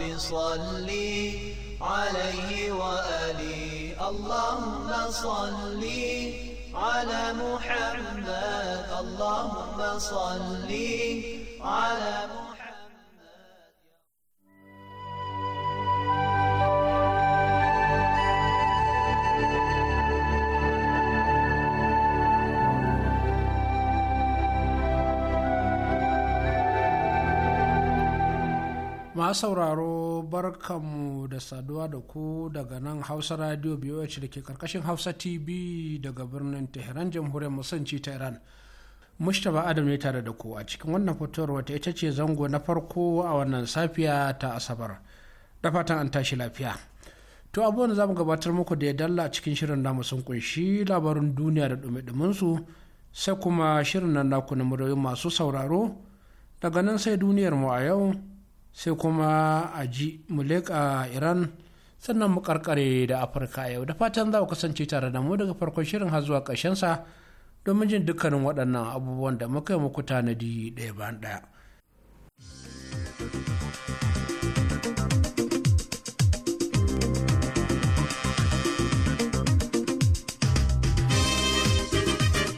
رب صلي عليه وآله اللهم صلي على محمد اللهم صلي على محمد sauraro barkanmu da saduwa da ku daga nan hausa radio biyu da ke karkashin hausa tv daga birnin tehran jamhuriyar musanci ta iran Mustapha Adam ne tare da ku a cikin wannan fitowar wata ita ce zango na farko a wannan safiya ta Asabar. Da fatan an tashi lafiya. To abubuwan za mu gabatar muku da ya dalla a cikin shirin namu sun kunshi labarin duniya da dumi su sai kuma shirin nan naku na muryoyin masu sauraro daga nan sai duniyar mu a yau sai kuma a ji mu leƙa iran sannan mu karkare da afirka yau da fatan za ku kasance tare da mu daga farkon shirin har zuwa ƙarshensa domin jin dukkanin waɗannan abubuwan da muka yi muku tanadi ɗaya bayan ɗaya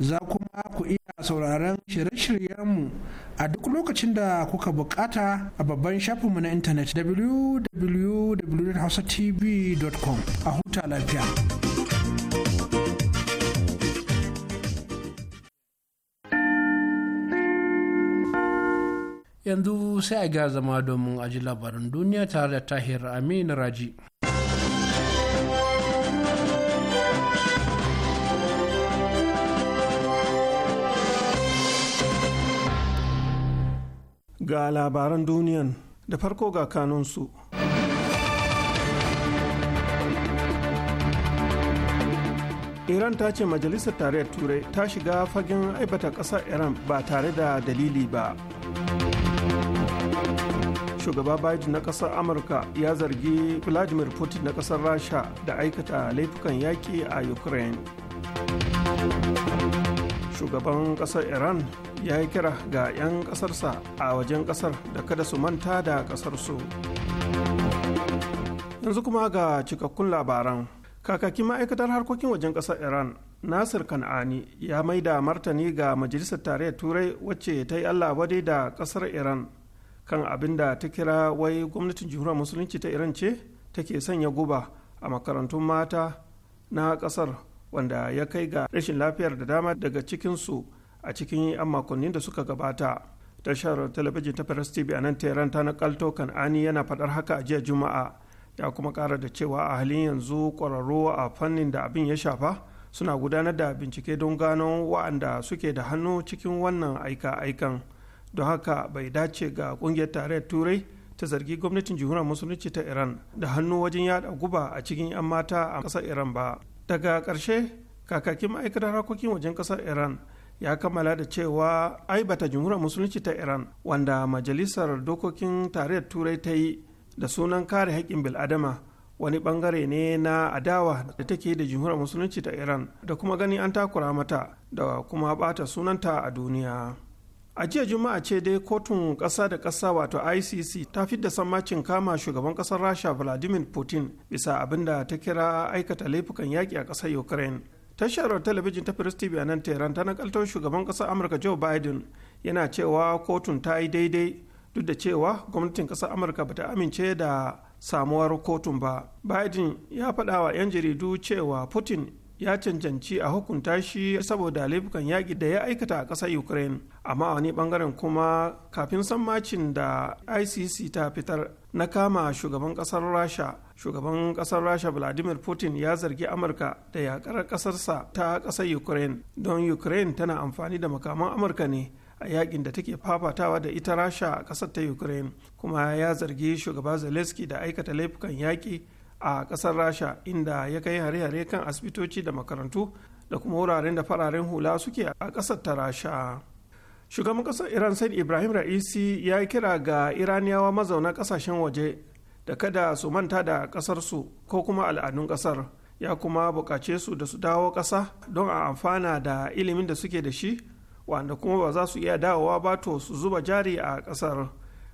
za kuma ku iya sauraron shirye-shiryenmu a duk lokacin da kuka bukata a babban shafinmu na intanet www.hausatv.com a huta lafiya. Yanzu sai a ga zama domin aji labarin duniya tare da Tahir Amin Raji. ga labaran duniyan da farko ga kanunsu. iran ta ce majalisar tarayyar turai ta shiga fagen aibata ƙasar iran ba tare da dalili ba shugaba biden na ƙasar amurka ya zargi vladimir putin na ƙasar rasha da aikata laifukan yaƙi a ukraine shugaban ƙasar iran ya yi kira ga 'yan ƙasarsa a wajen ƙasar da kada su manta da ƙasarsu yanzu kuma ga cikakkun labaran kakakin ma'aikatar harkokin wajen ƙasar iran nasir kan'ani ya mai da martani ga majalisar tarayyar turai wacce ta yi allah wadai da ƙasar iran kan abin da ta kira wai gwamnatin jihuwar musulunci ta iran ce take sanya guba a makarantun mata na ƙasar wanda ya kai ga rashin lafiyar da dama daga cikinsu a cikin 'yan makonnin da suka gabata tashar talabijin ta paris tv a nan tehran ta kan ani yana faɗar haka a jiya juma'a ya kuma kara da cewa a halin yanzu ƙwararru a fannin da abin ya shafa suna gudanar da bincike don gano wa'anda suke da hannu cikin wannan aika-aikan don haka bai dace ga ƙungiyar tarayyar turai ta zargi gwamnatin jihunar musulunci ta iran da hannu wajen yada guba a cikin 'yan mata a ƙasar iran ba daga karshe kakakin ma'aikatar harkokin wajen ƙasar iran ya kammala da cewa bata jumhuriyar musulunci ta iran wanda majalisar dokokin tarayyar turai ta yi da sunan kare haƙƙin bil'adama wani bangare ne na adawa da take da jumhuriyar musulunci ta iran da kuma gani an takura mata da kuma bata sunanta a duniya a jiya juma'a ce dai kotun ƙasa da ƙasa wato icc ta fidda sammacin kama shugaban ƙasar rasha vladimir putin bisa abin da ta kira aikata laifukan yaƙi a ƙasar ukraine tashar talabijin ta first TV a nan Tehran ta nakaltar shugaban ƙasar Amurka Joe Biden yana cewa kotun ta yi daidai duk da cewa gwamnatin ƙasar Amurka bata amince da samuwar kotun ba. Biden ya faɗa wa 'yan jaridu cewa Putin ya cancanci a hukunta shi saboda laifukan yaƙi da ya aikata a ƙasar Ukraine. Amma wani ɓangaren kuma kafin sammacin da ICC ta fitar na kama shugaban ƙasar Rasha shugaban kasar rasha vladimir putin ya zargi amurka da yakar kasarsa ta kasar ukraine don ukraine tana amfani da makaman amurka ne a yakin da take fafatawa da ita rasha a kasar ta ukraine kuma ya zargi shugaba zelensky da aikata laifukan yaki a kasar rasha inda ya kai hare-hare kan asibitoci da makarantu da kuma wuraren da fararen hula suke a kasar ta rasha shugaban kasar iran said ibrahim ra'isi ya kira ga iraniyawa mazauna kasashen waje da kada su manta da ƙasarsu ko kuma al'adun ƙasar ya kuma buƙace su da su dawo ƙasa don a amfana da ilimin da suke da shi wanda kuma ba za su iya dawowa ba to su zuba jari a ƙasar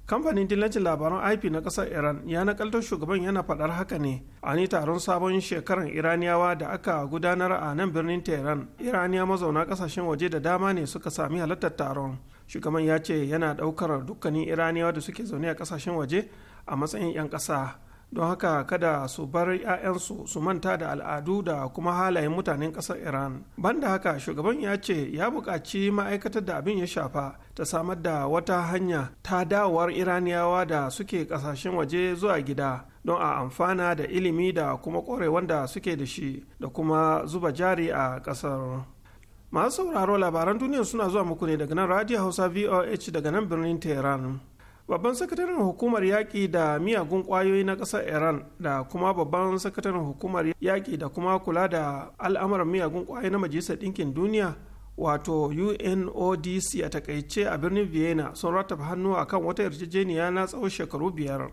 kamfanin dillancin labaran ip na ƙasar iran ya nakaltar shugaban yana faɗar haka ne a ni taron sabon shekaran iraniyawa da aka gudanar a nan birnin tehran iraniya mazauna ƙasashen waje da dama ne suka sami halartar taron shugaban ya ce yana ɗaukar dukkanin iraniyawa da suke zaune a ƙasashen waje a matsayin 'yan ƙasa don haka kada su bar 'ya'yansu su manta da al'adu da kuma halayen mutanen ƙasar iran banda haka shugaban ya ce ya buƙaci ma'aikatar da abin ya shafa ta samar da wata hanya ta dawowar iraniyawa da suke ƙasashen waje zuwa gida don a amfana da ilimi da kuma ƙore wanda suke da shi da kuma zuba jari a ƙasar masu sauraro labaran duniya suna zuwa muku ne daga nan radio hausa voh daga nan birnin tehran babban sakataren hukumar yaƙi da miyagun ƙwayoyi na ƙasar iran da kuma babban sakataren hukumar yaƙi da kuma kula da al'amuran miyagun ƙwayoyi na majalisar ɗinkin duniya wato unodc a takaice a birnin vienna sun rattaba hannu a kan wata yarjejeniya na tsawon shekaru biyar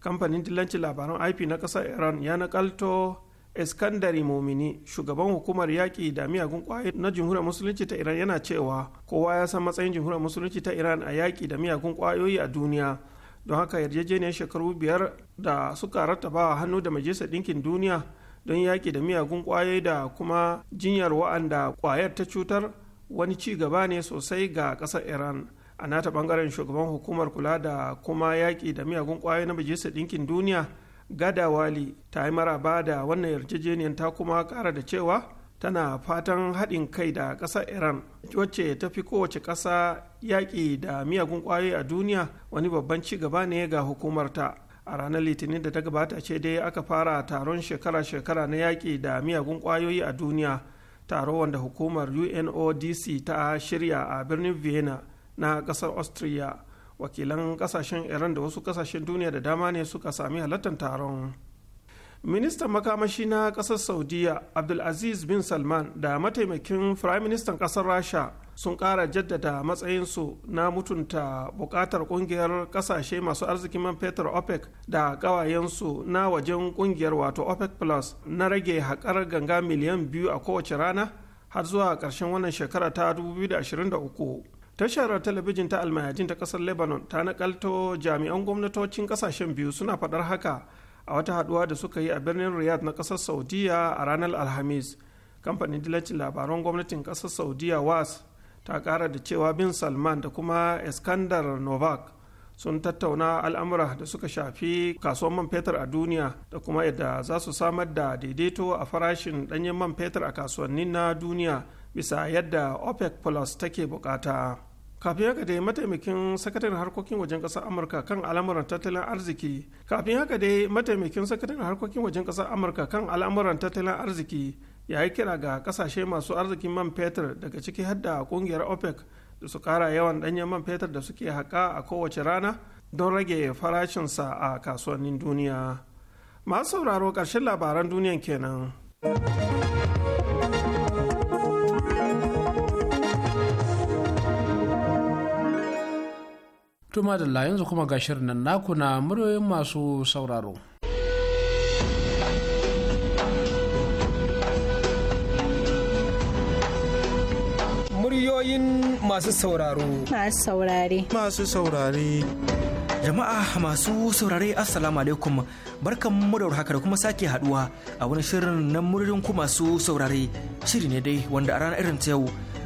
kamfanin dillancin labaran ip na ƙasar iran ya nakalto iskandari momini shugaban hukumar yaƙi da miyagun ƙwayoyi na jamhuriyar musulunci ta iran yana cewa kowa ya san matsayin jamhuriyar musulunci ta iran a yaƙi da miyagun ƙwayoyi a duniya don haka yarjejeniyar shekaru biyar da suka rattaba hannu da majalisar ɗinkin duniya don yaƙi da miyagun ƙwayoyi da kuma jinyar wa'anda ƙwayar ta cutar wani ci gaba ne sosai ga ƙasar iran a nata ɓangaren shugaban hukumar kula da kuma yaƙi da miyagun ƙwayoyi na majalisar ɗinkin duniya gadawali ta yi maraba da wannan yarjejeniyar ta kuma kara da cewa tana fatan haɗin kai da ƙasar iran wacce ta fi kowace ƙasa yaƙi da miyagun ƙwayoyi a duniya wani babban ci gaba ne ga hukumarta a ranar litinin da ta gabata ce dai aka fara taron shekara-shekara na yaƙi da miyagun ƙwayoyi a duniya taro wanda hukumar unodc ta shirya a birnin vienna na ƙasar austria wakilan kasashen iran da wasu kasashen duniya da dama ne suka sami halartar taron ministan makamashi na kasar saudiya abdulaziz bin salman da mataimakin firaministan kasar rasha sun kara jaddada matsayinsu na mutunta bukatar kungiyar kasashe masu arzikin man fetur opec da kawayensu na wajen kungiyar wato opec plus na rage haƙar ganga miliyan biyu a kowace rana har zuwa ƙarshen wannan shekara ta 2023 tashar talabijin ta almahajin ta kasar lebanon ta nakalto jami'an gwamnatocin kasashen biyu suna faɗar haka a wata haɗuwa da suka yi a birnin riyadh na kasar saudiya a ranar alhamis kamfanin dilacin labaran gwamnatin kasar saudiya was ta kara da cewa bin salman da kuma iskandar novak sun tattauna al'amura da suka shafi kasuwan man fetur a duniya da kuma yadda za su samar da daidaito a farashin ɗanyen man fetur a kasuwannin na duniya bisa yadda opec plus take bukata. kafin haka dai mataimakin sakataren harkokin wajen ƙasar amurka kan al'amuran tattalin arziki kafin haka dai mataimakin sakataren harkokin wajen ƙasar amurka kan al'amuran tattalin arziki ya yi kira ga kasashe masu arzikin man fetur daga ciki hadda kungiyar opec da su kara yawan danyen man fetur da suke haƙa a kowace rana don rage farashinsa a kasuwannin duniya masu sauraro ƙarshen labaran duniyan kenan. Tuma da yanzu kuma ga shirin nan naku na muryoyin masu sauraro. Muryoyin masu sauraro. Masu saurare. Masu saurare. Jama'a masu saurare Assalamu alaikum barkan mu da haka da kuma sake haduwa a wani shirin na muryoyin ku masu saurare shiri ne dai wanda a ranar irin ta yau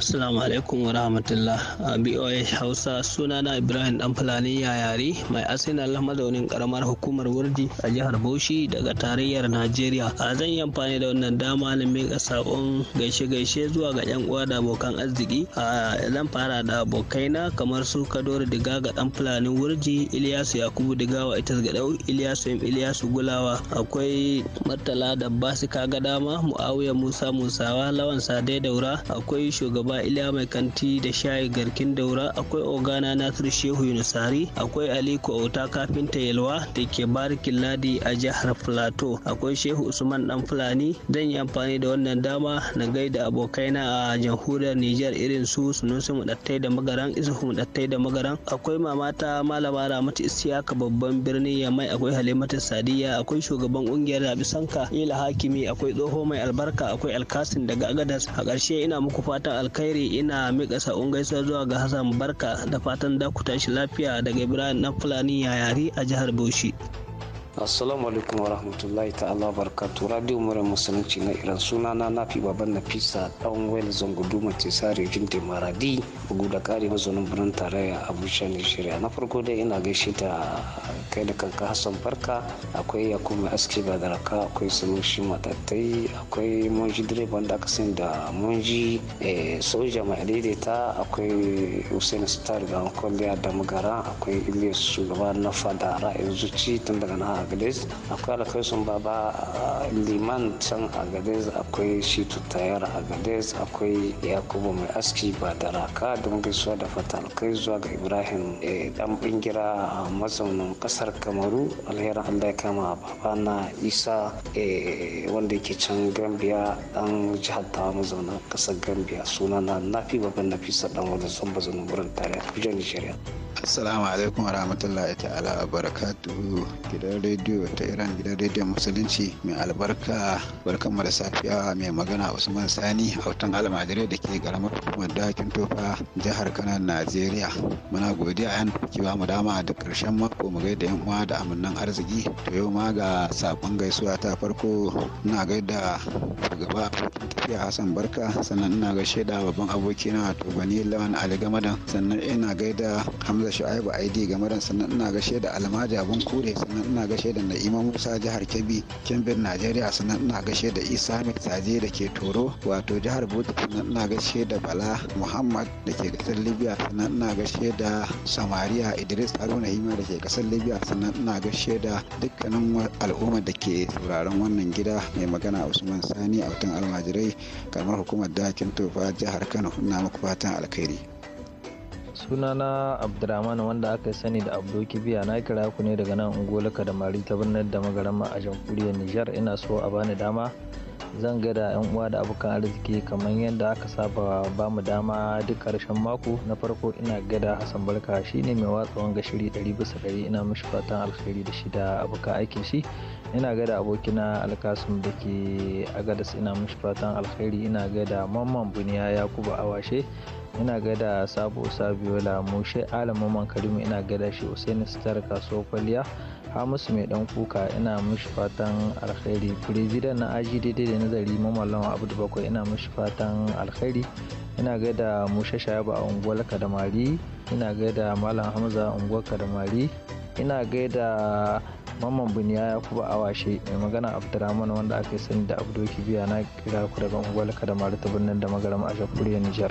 Assalamu alaikum wa rahmatullah. BOA Hausa suna na Ibrahim Dan Fulani Yayari mai Allah mazaunin karamar hukumar Wurji a jihar Bauchi daga tarayyar Najeriya. A zan yi amfani da wannan dama na miƙa sakon gaishe-gaishe zuwa ga 'yan uwa da abokan arziki. A zan fara da abokaina kamar su Kadori Diga ga Dan Fulani Wurji, Iliyasu Yakubu Diga wa Itas Dau, Iliyasu Im Iliyasu Gulawa. Akwai Murtala da Basika ga dama Muawiya Musa Musawa, Lawan Sade Daura, akwai shugaban shugaba iliya mai kanti da shayi garkin daura akwai ogana nasir shehu yunusari akwai aliko ota kafinta yalwa da ke barikin ladi a jihar plateau akwai shehu usman dan fulani zan yi amfani da wannan dama na gaida abokaina a jamhuriyar Nijar irin su sunusi mudattai da magaran isuhu mudattai da magaran akwai mamata malama ramatu isiyaka babban birnin yamai akwai halimatu sadiya akwai shugaban ƙungiyar rabi sanka ila hakimi akwai tsoho mai albarka akwai alkasin daga agadas a ƙarshe ina muku fatan alkhairi alkhairi ina miƙa sa'un gaisuwa zuwa ga Hassan Barka da fatan da ku tashi lafiya daga Ibrahim na Fulani Yayari a jihar Bauchi. assalamu alaikum wa rahmatullahi ta'ala barkatu radio mara musulunci na iran sunana na nafi baban fisa dan wel zango duma ce sare jin maradi bugu da kare mazaunin birnin tarayya abuja nigeria na farko dai ina gaishe ta kai da kanka hassan farka akwai yakubu aski ba daraka akwai sanushi matattai akwai monji direban da aka sani da monji eh, soja mai daidaita akwai hussein star ga kwalliya da magara akwai ilyas shugaba na fada ra'ayin zuci tun daga na agades akwai alkaisun baba ah, liman can agades akwai shitu tayar agades akwai yakubu mai aski ba da raka don gaisuwa da fata alkai zuwa ga ibrahim eh, dan bingira a ah, mazaunin kasar kamaru alherin allah ya kama baba na isa eh, wanda yake can gambia dan jihar ta mazaunin kasar gambia suna na nafi baban nafisa dan wajen son wurin tare a abuja nigeria Assalamu alaikum wa rahmatullahi ta'ala wa Barakatu gidan rediyo ta Iran gidan rediyo musulunci mai albarka barkan da safiya mai magana Usman Sani a hautan almajirai da ke karamar hukumar dakin tofa jihar Kano Najeriya muna godiya a yan kuke ba mu dama da karshen mako mu gaida yan uwa da amannan arziki to yau ma ga sabon gaisuwa ta farko ina gaida shugaba abokin tafiya Hassan Barka sannan ina gaishe da babban abokina wato Bani Lawan Ali Gamadan sannan ina gaida a hamza shu'aibu id game da sannan ina gashe da almaji abun kure sannan ina gaishe da na'ima musa jihar kebbi kimbin najeriya sannan ina gaishe da isa mai saje da ke toro wato jihar bauchi sannan ina gaishe da bala muhammad da ke kasar libya sannan ina gaishe da samariya idris haruna hima da ke kasar libya sannan ina gaishe da dukkanin al'ummar da ke sauraron wannan gida mai magana usman sani a wutan almajirai kamar hukumar dakin tofa jihar kano ina muku fatan alkhairi sunana abdurrahman wanda aka sani da abdo kibiya na kira ku ne daga nan ungolaka da mari ta birnin da magarama a jamhuriyar nijar ina so a bani dama zan ga da yan uwa da abokan arziki kamar yadda aka saba ba mu dama duk karshen mako na farko ina gada hassan barka shine mai watsa wanga shiri ɗari bisa ɗari ina mishi fatan alkhairi da shi da abokan aikin shi ina gada abokina alkasum da ke agadas ina mishi fatan alkhairi ina ga da mamman buniya yakubu awashe ina gaida sabo sabiola mushe alamu karimu ina gaida shi usaini sitar kasuwar kwalliya hamisu mai dan kuka ina mishi fatan alkhairi president na aji daidai da nazari mamallawan abdu bakwai ina mishi fatan alkhairi ina gaida mushe shayaba a unguwar kadamari ina gaida malam hamza a unguwar kadamari ina gaida mamman buniya ya kuba washe mai magana abdurrahman wanda aka sani da abdoki biya na kira ku daga unguwar kadamari ta birnin da magaram a nijar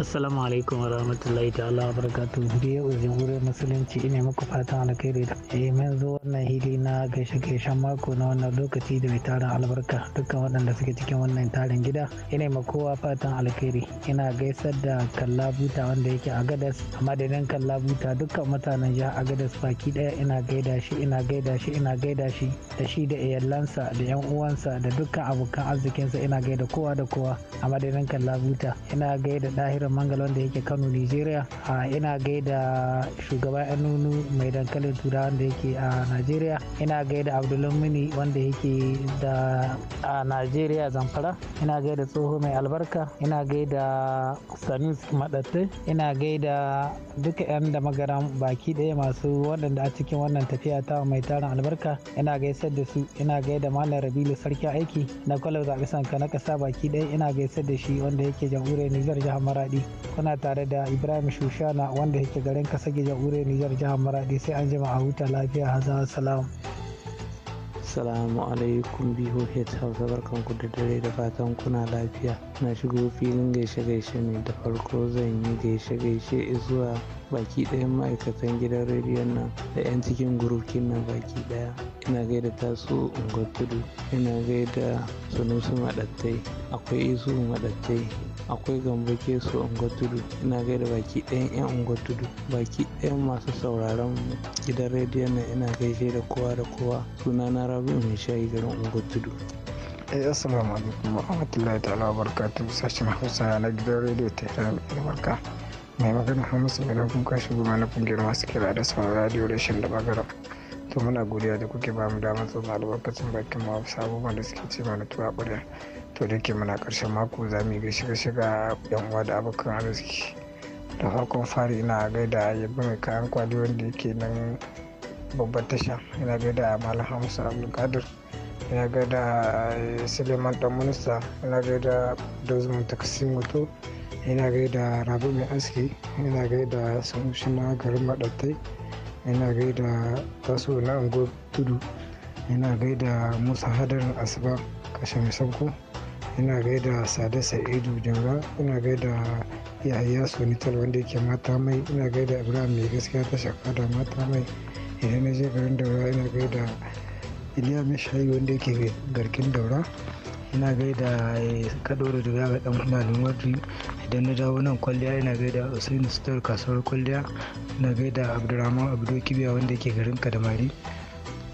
assalamu alaikum wa rahmatullahi ta'ala wa barakatuhu biyu jamhuriyar musulunci ina muku fatan alkhairi da eh mun zo wannan hili na gaishe gaishen mako na wannan lokaci da mai tarin albarka dukkan waɗanda suke cikin wannan tarin gida ina ma kowa fatan alkhairi ina gaisar da kalla buta wanda yake a gadas a madadin kalla buta dukkan mutanen jihar agadas baki ɗaya ina gaida shi ina gaida shi ina gaida shi da shi da iyalansa da yan uwansa da dukkan abokan arzikinsa ina gaida kowa da kowa a madadin kalla buta ina gaida dahir Basirar Mangal wanda yake Kano Nigeria a ina gaida shugaba Anunu mai dankalin tura wanda yake a Nigeria ina gaida Abdulmuni wanda yake da a Nigeria Zamfara ina gaida tsoho mai albarka ina gaida Sanis Madatte ina gaida duka 'yan da magaran baki daya masu waɗanda a cikin wannan tafiya ta mai tarin albarka ina gaisar da su ina gaida malam Rabilu sarki aiki na kwalar zaɓe sanka na ƙasa baki ɗaya ina gaisar da shi wanda yake jamhuriyar Nijar jihar Maradi maradi kuna tare da ibrahim shushana wanda yake garin kasa jamhuriyar nijar jihar maradi sai an jima a huta lafiya hazan salam salamu alaikum BOH Hausa barkanku da dare da fatan kuna lafiya. Na shigo filin gaishe-gaishe ne da farko zan yi gaishe-gaishe zuwa baki ɗaya ma'aikatan gidan rediyon nan da 'yan cikin gurukin nan baki ɗaya ina gaida taso unguwar tudu ina gaida sunusu maɗattai akwai isu maɗattai akwai gambo kesu unguwar tudu ina gaida baki ɗayan 'yan unguwar tudu baki ɗayan masu sauraron gidan rediyon nan ina gaishe da kowa da kowa suna na rabu mai shayi garin unguwar tudu eh, assalamu alaikum wa rahmatullahi ta'ala wa barakatuhu sashen hausa na gidan rediyo ta iran barka mai magana hamisu mai nufin kan goma na kungiyar masu kira da sama radio da shirin da bagara to muna godiya da kuke ba mu damar tsoma albarkacin bakin mawa abubuwan da suke ce mana tuwa ƙwarya to da ke muna karshen mako za mu yi shiga shiga yan uwa da abokan arziki da farkon fari ina gaida a yabba mai kayan kwali wanda yake nan babban tasha ina gaida malam abu abdulkadir ina gaida suleiman dan minista ina gaida dozman takasimuto ina gaida rabu mai aski ina gaida sanusi na garin madattai ina gaida taso na unguwar tudu ina gaida musa hadarin asba kashe mai sauko ina gaida sada sa'idu jaura ina gaida yahaya sonital wanda yake mata mai ina gaida ibrahim mai gaskiya ta shaka da mata mai idan na je garin daura ina gaida iliya mishayi wanda yake garkin daura ina gaida kadoro da gaga dan fulani wadri idan na dawo nan kwalliya ina gaida usaini sitar kasuwar kwalliya na gaida abdurrahman abdu kibiya wanda ke garin kadamari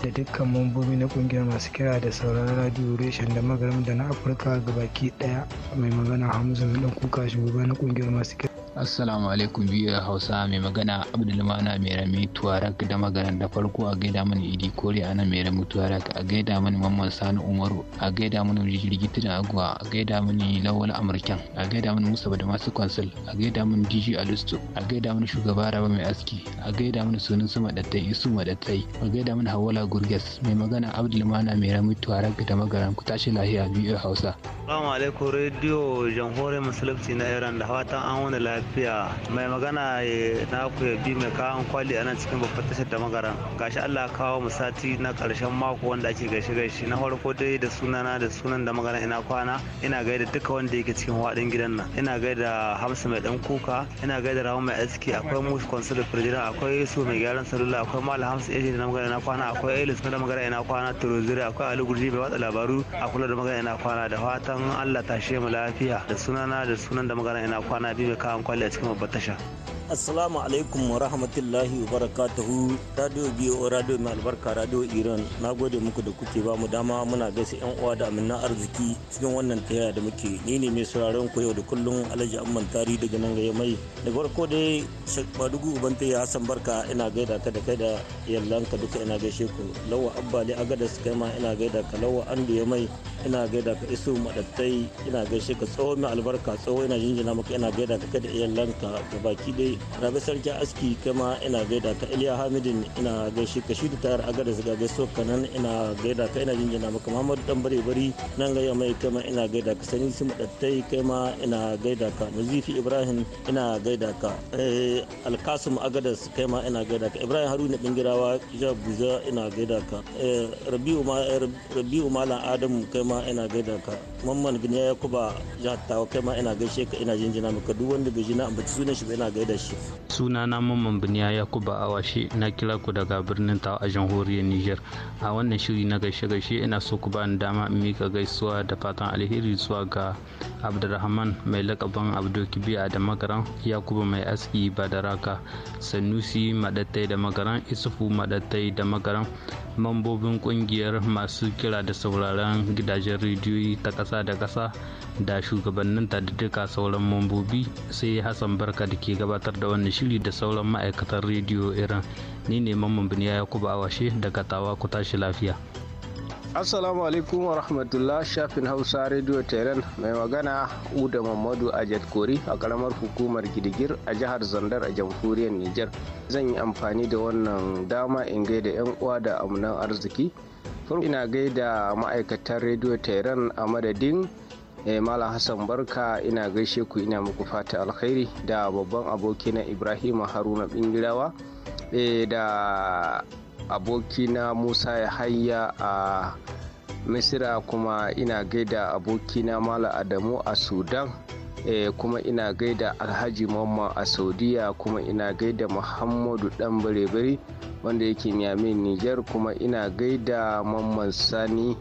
da dukkan mambobi na kungiyar masu kira da sauraron radio reshen da magaram da na afirka gabaki daya mai magana hamza mai dan kuka shugaba na kungiyar masu kira Assalamu alaikum biyu Hausa mai magana Abdulmana mai rami tuwarak da maganar da farko a gaida mani Idi Kore ana mai rami tuwarak a gaida mani Mamman Sani Umaru a gaida mani Rigirgiti da Agwa a gaida mani Lawal Amurkan a gaida mani Musa da masu konsul a gaida mani DJ alustu a gaida mani shugaba Raba mai aski a gaida mani sunan su madattai isu madattai a gaida mani Hawala Gurges mai magana Abdulmana mai rami tuwarak da maganar ku tashi lahiya biyu Hausa. Assalamu alaikum Radio Jamhuriyar Musulunci na Iran da fatan an wani lafiya. lafiya mai magana eh, na ku bi mai kawon kwali a nan cikin babbar tashar da magaran gashi Allah kawo mu sati na karshen mako wanda ake gaishe gaishe na farko dai da sunana da sunan da magana ina kwana ina gaida duka wanda yake cikin wadin gidan nan ina gaida Hamsa mai dan kuka ina gaida rawa mai aski akwai Musa Consul Firjira akwai yusuf mai gyaran salula akwai Mal Hamsa Eji da magana ina kwana akwai Elis da magana ina kwana turuzuri akwai Ali Gurji mai watsa labaru a kula da magana ina kwana da fatan Allah tashe mu lafiya da sunana da sunan da magana ina kwana bi mai kawon kwali asalamu a cikin babbar tasha. Assalamu alaikum wa rahmatullahi wa barakatuhu Radio BO Radio mai albarka Radio Iran na gode muku da kuke ba mu dama muna gaisa yan uwa da amina arziki cikin wannan tayaya da muke ni ne mai sauraron ku yau da kullum Alhaji Amman Tari daga nan gaya mai da farko dai Sheikh Badugu Ubanta ya Hassan Barka ina gaida ka da kai da yallanka duka ina gaishe ku Lawa Abba Agadas kai ma ina gaida ka Lawa Andu ya mai ina gaida ka isu madattai ina gaishe ka tsawo mai albarka tsawo ina jinjina maka ina gaida ka kada lanka da baki dai rabe sarki aski kama ina gaida ka iliya hamidin ina gaishe ka shi da tayar agada zaga gaiso kanan ina gaida ka ina jinjina maka muhammadu dan bare bari nan gaya mai kama ina gaida ka sani su madattai kama ina gaida ka nazifi ibrahim ina gaida ka eh, alkasum agadas kama ina gaida ka ibrahim haruna bingirawa jabuza buza ina gaida ka eh, eh, rabiu malam adamu kama ma ina gaida ka mamman gine ya kuba ya tawa kai ma ina gaishe ka ina jinjina maka duk wanda bai jina ambaci sunan shi ba ina gaida shi sunana mamman biniya ya kuba awashi na kira ku daga birnin tawa a jamhuriyar niger a wannan shiri na gaishe gaishe ina so ku bani dama in mika gaisuwa da fatan alheri zuwa ga abdurrahman mai lakaban abdul kibiya da magaran yakubu mai aski badaraka sanusi madattai da magaran isufu madattai da magaran mambobin kungiyar masu kira da sauraron gidajen gidajen rediyoyi ta ƙasa da ƙasa da shugabanninta da duka sauran mambobi sai hassan barka da ke gabatar da wannan shiri da sauran ma'aikatan rediyo iran ni ne mamman biniya yakubu awashe daga tawa ku tashi lafiya Assalamu alaikum wa rahmatullah shafin Hausa rediyo tairan mai magana Uda Mamadu ajad Kori a karamar hukumar Gidigir a jihar Zandar a jamhuriyar Nijar. Zan yi amfani da wannan dama in gaida 'yan uwa da amunan arziki ina gaida ma'aikatan rediyo tehran a madadin eh, malam hassan barka ina gaishe ku ina muku fata alkhairi da babban abokina ibrahim haruna bingirawa eh, da abokina musa ya hayya a misira kuma ina gaida abokina mala adamu a sudan Eh, kuma ina gaida alhaji mamma a saudiya kuma ina gaida muhammadu dan bare wanda yake nyamin niger kuma ina gaida mamman sani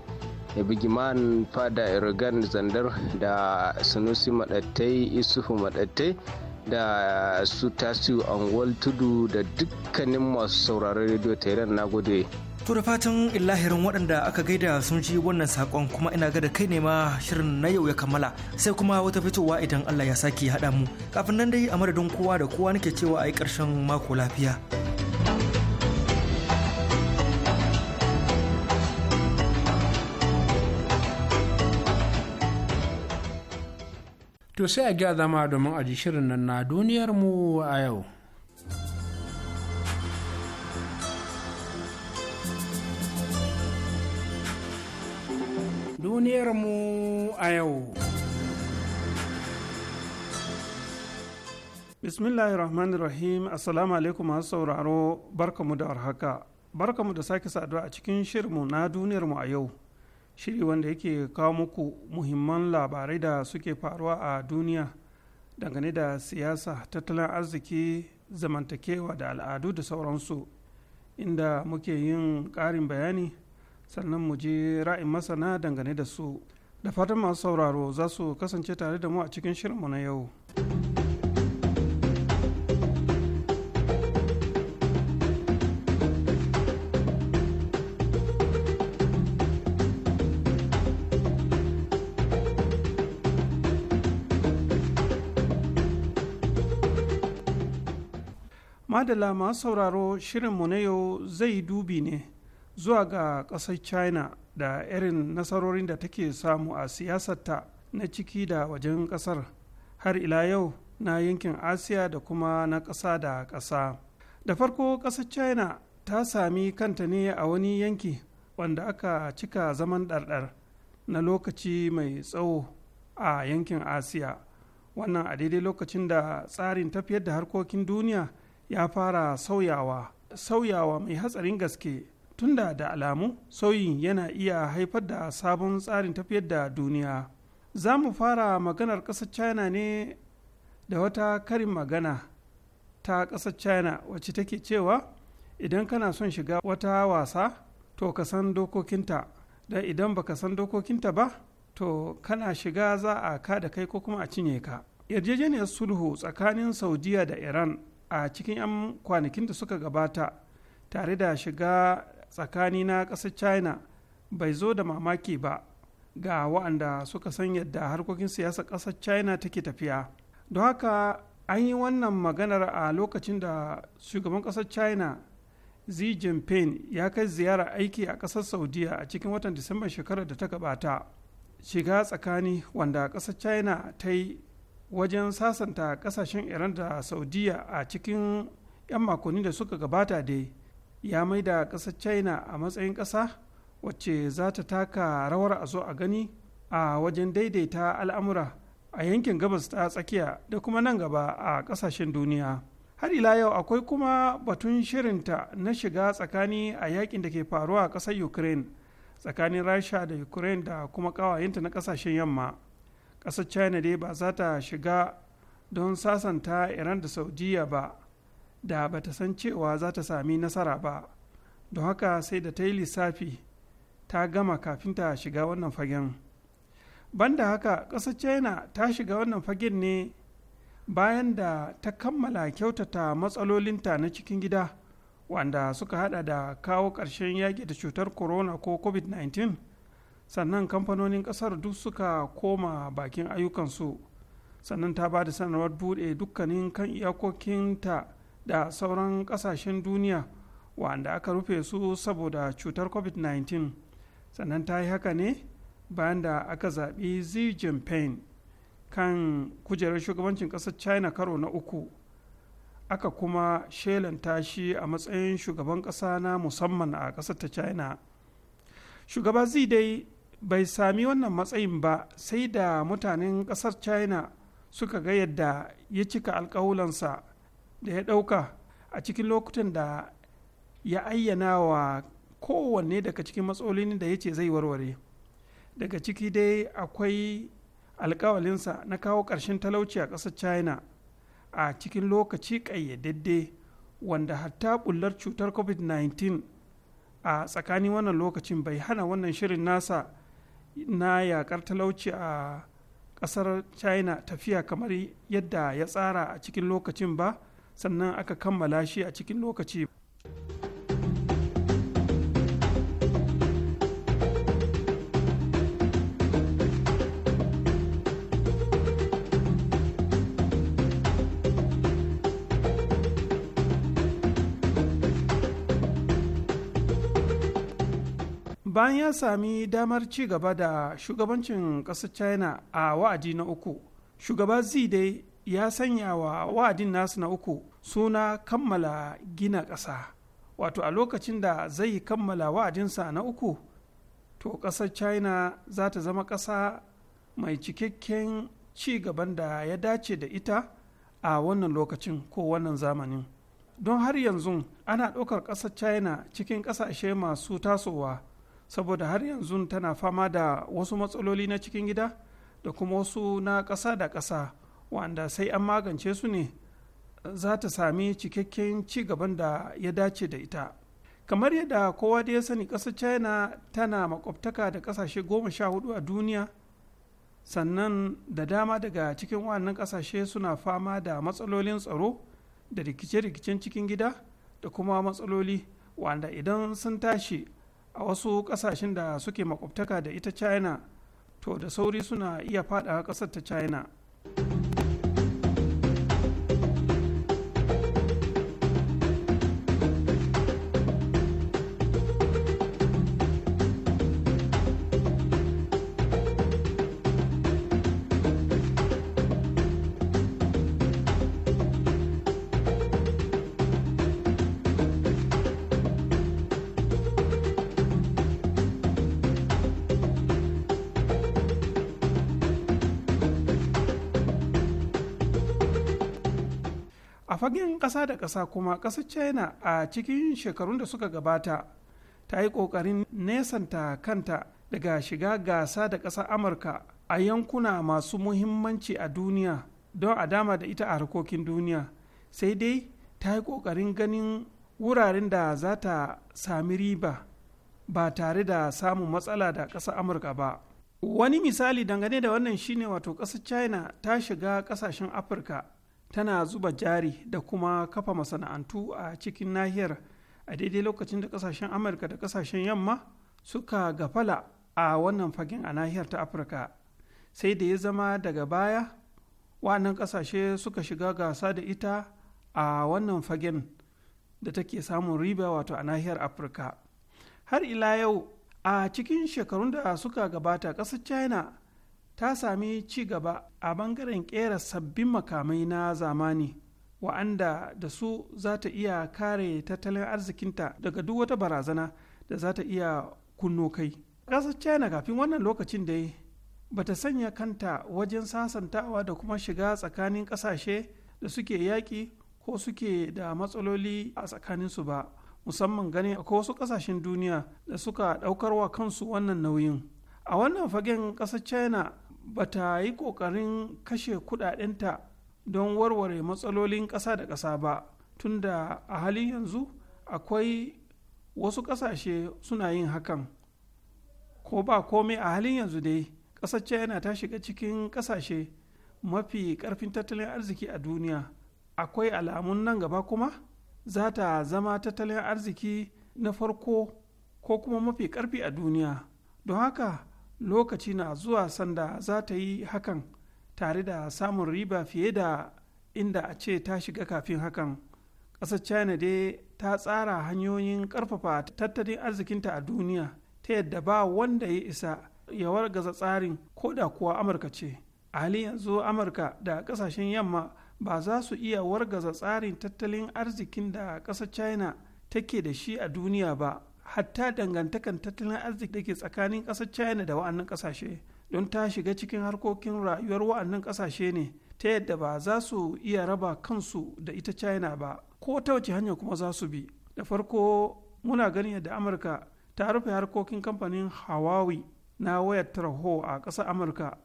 bigiman fada irgan zandar da sanusi madattai isufu madattai da su tasiu an tudu da dukkanin masu sauraron rediyo tairan na gode To da fatan illahirin waɗanda aka gaida sun ji wannan saƙon kuma ina ga da kai ne ma shirin na yau ya kammala sai kuma wata fitowa idan Allah ya sake haɗa mu. Kafin nan dai a madadin kowa da kowa nake cewa a yi ƙarshen mako lafiya. To sai a gyara zama domin a ji shirin nan na duniyarmu a yau. duniyarmu a yau. Bismillahirrahmanirrahim Assalamu alaikum masu sauraro barkamu da warhaka. Barkamu da sake saduwa a cikin shirinmu na duniyarmu a yau. Shiri wanda yake kawo muku muhimman labarai da suke faruwa a duniya dangane da siyasa, tattalin arziki, zamantakewa da al'adu da sauransu. Inda muke yin ƙarin bayani sannan mu je ra'ayin masana dangane da su da fatan masu sauraro za su kasance tare da mu a cikin shirin mu na yau madala masu sauraro shirinmu na yau zai dubi ne zuwa ga ƙasar china da irin nasarorin da take samu a siyasarta na ciki da wajen ƙasar har ila yau na yankin asiya da kuma na ƙasa da ƙasa da farko ƙasar china ta sami kanta ne a wani yanki wanda aka cika zaman ɗarɗar na lokaci mai tsawo a yankin asiya wannan a daidai lokacin da tsarin tafiyar da harkokin duniya ya fara sauyawa sauyawa mai hatsarin gaske tunda da alamu sauyin yana iya haifar da sabon tsarin tafiyar da duniya za mu fara maganar ƙasar china ne da wata karin magana ta ƙasar china wacce take cewa idan kana son shiga wata wasa to ka san dokokinta da idan baka san dokokinta ba to kana shiga za a kada kai ko kuma a cinye ka yarjejeniyar sulhu tsakanin saudiya da iran a cikin 'yan kwanakin da suka gabata tare da shiga tsakani na ƙasar china bai zo da mamaki ba ga waɗanda suka san yadda harkokin siyasar ƙasar china take tafiya don haka an yi wannan maganar a lokacin da shugaban ƙasar china xi jinping ya kai ziyara aiki a ƙasar saudiya a cikin watan disamban shekarar da ta gabata shiga tsakani wanda ƙasar china ta yi wajen sasanta ƙasashen iran da saudiya a cikin 'yan makonni da suka gabata dai ya mai da ƙasar china a matsayin ƙasa wacce za ta taka rawar a zo a gani a wajen daidaita al'amura a yankin gabas ta tsakiya da kuma nan gaba a ƙasashen duniya har ila yau akwai kuma batun shirinta na shiga tsakani a yakin da ke faruwa a ƙasar ukraine tsakanin rasha da ukraine da kuma ƙawayenta na ƙasashen yamma ƙasar china dai ba za ta shiga don sasanta iran da saudiya ba da ba ta san cewa za ta sami nasara ba don haka sai da ta yi lissafi ta gama kafin ta shiga wannan fagen banda haka ƙasar china ta shiga wannan fagen ne bayan da ta kammala kyautata matsalolinta na cikin gida wanda suka hada da kawo ƙarshen yaƙi da cutar corona ko covid-19 sannan kamfanonin ƙasar duk suka koma bakin ayyukansu sannan ta ba da sanarwar buɗe dukkanin kan iyakokinta da sauran kasashen duniya wanda aka rufe su saboda cutar covid-19 sannan ta yi haka ne bayan da aka zaɓi xi jinping kan kujerar shugabancin ƙasar china karo na uku aka kuma shelanta shi a matsayin shugaban ƙasa na musamman a ƙasar ta china shugaba zai dai bai sami wannan matsayin ba sai da mutanen ƙasar china suka ga yadda ya cika alƙawulansa da ya ɗauka a cikin lokutan da ya ayyana wa kowanne daga cikin matsalolin da ya ce zai warware daga ciki dai akwai alkawalinsa na kawo ƙarshen talauci a ƙasar china a cikin lokaci ƙayyadadde wanda hatta bullar cutar covid-19 a tsakanin wannan lokacin bai hana wannan shirin nasa na yakar talauci a ƙasar china tafiya kamar yadda ya tsara a cikin lokacin ba sannan aka kammala shi a cikin lokaci bayan ya sami damar ci gaba da shugabancin ƙasar china a wa'adi na uku shugaba zai dai ya sanya wa wa'adin nasu na uku suna kammala gina ƙasa wato a lokacin da zai kammala wa'adinsa na uku to ƙasar china za ta zama ƙasa mai cikakken ci gaban da ya dace da ita a wannan lokacin ko wannan zamanin don har yanzu ana ɗaukar ƙasar china cikin ƙasashe masu tasowa saboda har yanzu tana fama da wasu matsaloli na cikin gida da kuma wasu na ƙasa da ƙasa wanda sai an magance su ne za ta sami cikakken ci gaban da ya dace da ita kamar yadda kowa da ya sani ƙasar china tana makwabtaka da ƙasashe goma sha hudu a duniya sannan da dama daga cikin wannan ƙasashe suna fama da matsalolin tsaro da rikice-rikicen cikin gida da kuma matsaloli wanda idan sun tashi a wasu ƙasashen da suke makwabtaka da ita china to da sauri suna iya faɗa ƙasar ta china a fagen ƙasa da ƙasa kuma ƙasar china a cikin shekarun da suka gabata ta yi ƙoƙarin nesanta kanta daga shiga gasa da ƙasar amurka a yankuna masu muhimmanci a duniya don a dama da ita a harkokin duniya sai dai ta yi ƙoƙarin ganin wuraren da za ta sami riba ba tare da samun matsala da ƙasar amurka ba wani misali dangane da wannan shine wato ƙasar china ta shiga ƙasashen afirka tana zuba jari da kuma kafa masana'antu a cikin nahiyar a daidai lokacin da kasashen amurka da kasashen yamma suka gafala a wannan fagen a nahiyar ta afirka sai da ya zama daga baya wa'annan kasashe suka shiga gasa da ita a wannan fagen da take samun riba wato a nahiyar afirka har ila yau a cikin shekarun da suka gabata ƙasar china ta sami ci gaba a bangaren kera sabbin makamai na zamani wa'anda da su za ta iya kare tattalin arzikinta daga duk wata barazana da za ta iya kunno kai ƙasar china kafin wannan lokacin da ba ta sanya kanta wajen sasantawa da kuma shiga tsakanin ƙasashe da suke yaƙi ko suke da matsaloli a tsakaninsu ba musamman ganin akwai wasu ƙasashen duniya da suka ɗaukar wa kansu wannan nauyin a wannan fagen ƙasar china ba ta yi ƙoƙarin kashe kuɗaɗenta don warware matsalolin ƙasa da ƙasa ba tunda a halin yanzu akwai wasu ƙasashe suna yin hakan ko ba komai a halin yanzu dai ƙasashe yana ta shiga cikin ƙasashe mafi ƙarfin tattalin arziki a duniya akwai alamun nan gaba kuma za ta zama tattalin arziki na farko ko kuma mafi ƙarfi a duniya don haka lokaci na zuwa sanda za ta yi hakan tare da samun riba fiye da inda a ce ta shiga kafin hakan ƙasar china dai ta tsara hanyoyin ƙarfafa tattalin arzikinta a duniya ta yadda ba wanda ya isa ya wargaza tsarin ko da kuwa amurka ce a halin yanzu amurka da ƙasashen yamma ba za su iya wargaza tsarin tattalin arzikin da ƙasar china take da shi a duniya ba hatta dangantakan tattalin arziki da ke tsakanin ƙasar china da wa'annan ƙasashe don ta shiga cikin harkokin rayuwar wa'annan ƙasashe ne ta yadda ba za su iya raba kansu da ita china ba ko ta wace hanya kuma za su bi da farko muna ganin yadda amurka ta rufe harkokin kamfanin hawawi na wayar tarho a ƙasar amurka